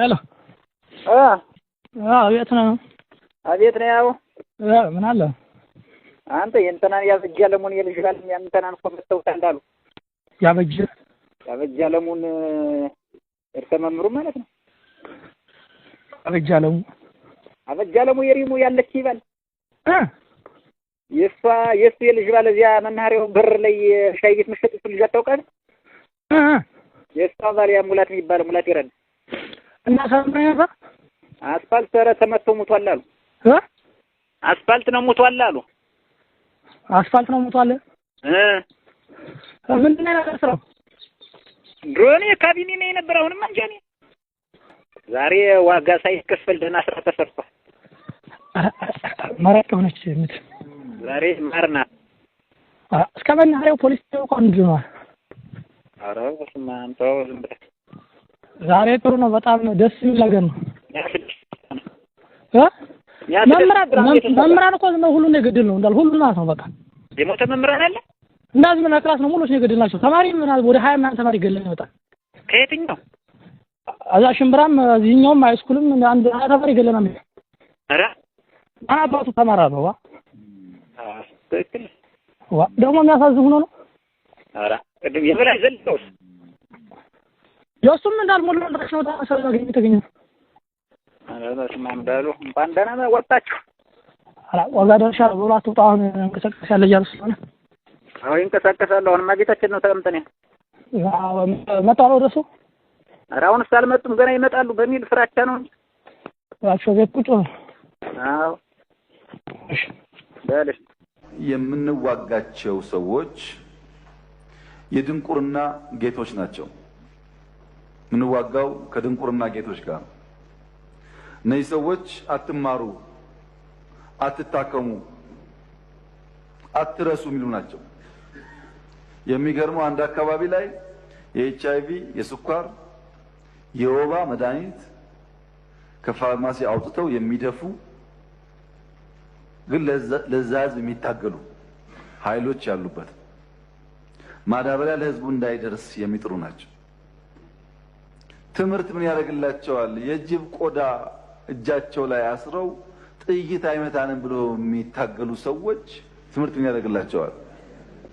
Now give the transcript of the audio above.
ሄሎ አቤት ነው? አቤት ነው። ያው ምን አለ አንተ የእንትናን ያበጅ አለሙን የልጅ ባል የእንትናን እኮ መተውታል እንዳሉ ያበጅ ያበጅ አለሙን እርሰ መምሩ ማለት ነው። አበጅ አለሙ አበጅ አለሙ የሪሙ ያለች ይባል የእሷ የእሱ የልጅ ባል እዚያ መናኸሪያው በር ላይ ሻይ ቤት መሸጥ ልጅ አታውቃለህ? የእሷ ባል ሙላት የሚባለው ሙላት ይረዳል እና ሰምሬ ነበር አስፋልት ኧረ ተመቶ ሙቷል አሉ አስፋልት ነው ሙቷል አሉ አስፋልት ነው ሙቷል እ ምንድን ነው ያለው ስራው ድሮ እኔ ካቢኔ ነው የነበረ አሁንማ እንጃ ዛሬ ዋጋ ሳይከፈል ደህና ስራ ተሰርቷል መራቅ ሆነች ምት ዛሬ ማርና እስከ መናኸሪያው ፖሊስ ተውቋን እንድኗል ኧረ በስመ አብ ተው ዝም ብለህ ዛሬ ጥሩ ነው። በጣም ደስ የሚል ነገር ነው። መምህራን እኮ ነው ሁሉን የገድል ነው እንዳል ሁሉ ማለት ነው። በቃ የሞተ መምህራን አለ እንዳዚህ ምን ክላስ ነው ሙሉዎች ነው የገድል ናቸው። ተማሪ ምን ወደ ሀያ ምናምን ተማሪ ገድለን ይወጣል። ከየትኛው እዛ ሽምብራም እዚህኛውም ሃይስኩልም አንድ ሀያ ተማሪ ገድለናል። ኧረ ማን አባቱ ተማራ ነው ዋ ትክክል ዋ ደግሞ የሚያሳዝን ሆኖ ነው። ኧረ ቅድም የበላይ ዘለቀውስ የእሱም እንዳልሞላላችሁ ነው ታሰሩ ያገኘ የተገኘ አላላችሁም አንዳሉ እንኳን ደህና ወጣችሁ። አላ ዋጋ ደርሻ ብሎ አትውጣ። አሁን እንቀሳቀስ ያለ እያሉ ስለሆነ አሁን ይንቀሳቀሳሉ። አሁንማ ጌታችን ነው ተቀምጠን መጣሉ ወደሱ ኧረ አሁንስ አልመጡም ገና ይመጣሉ በሚል ፍራቻ ነው ፍራቻ ቤት ቁጭ አዎ እሺ የምንዋጋቸው ሰዎች የድንቁርና ጌቶች ናቸው። የምንዋጋው ከድንቁርና ጌቶች ጋር ነው። እነዚህ ሰዎች አትማሩ፣ አትታከሙ፣ አትረሱ የሚሉ ናቸው። የሚገርመው አንድ አካባቢ ላይ የኤች አይቪ፣ የስኳር፣ የወባ መድኃኒት ከፋርማሲ አውጥተው የሚደፉ ግን ለዛ ህዝብ የሚታገሉ ኃይሎች ያሉበት ማዳበሪያ ለህዝቡ እንዳይደርስ የሚጥሩ ናቸው። ትምህርት ምን ያደርግላቸዋል? የጅብ ቆዳ እጃቸው ላይ አስረው ጥይት አይመታንም ብሎ የሚታገሉ ሰዎች ትምህርት ምን ያደርግላቸዋል?